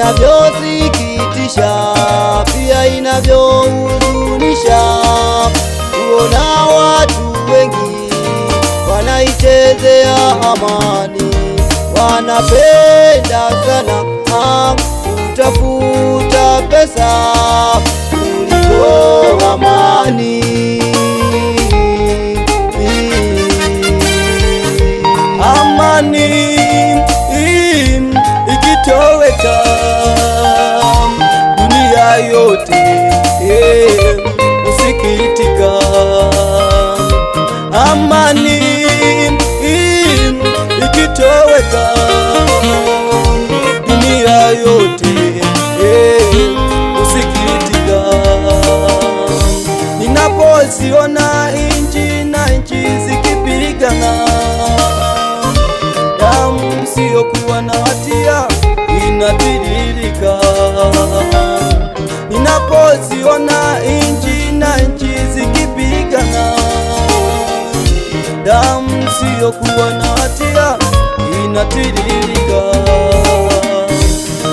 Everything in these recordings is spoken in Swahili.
inavyosikitisha, pia inavyohuzunisha kuona watu wengi wanaichezea amani, wanapenda sana kutafuta pesa kuliko amani. amani ikitoweka dunia yote eh, usikitika ninapoziona isiyokuwa na hatia inatiririka.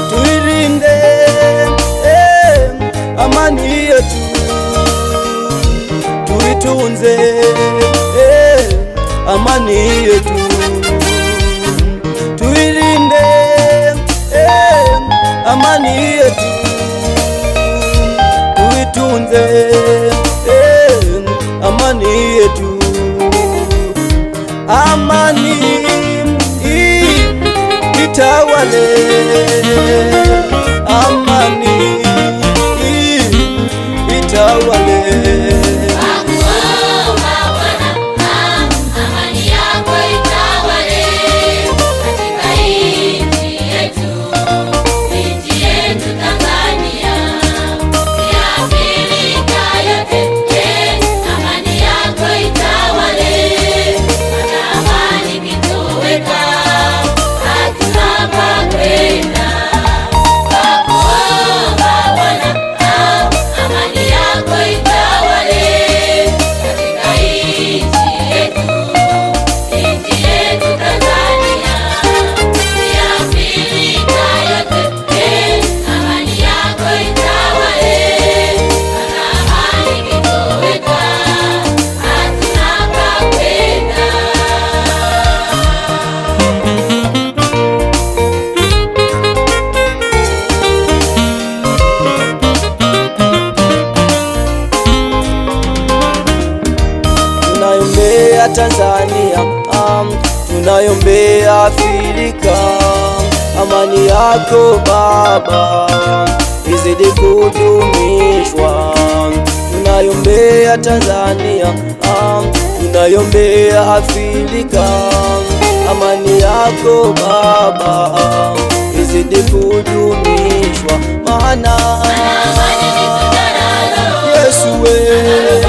Tuilinde eh, amani yetu tuitunze eh, amani yetu tuilinde eh, amani yetu tuitunze eh, amani yetu amani itawale. Tanzania, um, tunayombea Afrika, amani yako Baba izidi kudumishwa. Tunayombea Tanzania, um, tunayombea Afrika, amani yako Baba izidi kudumishwa, maana Yesu we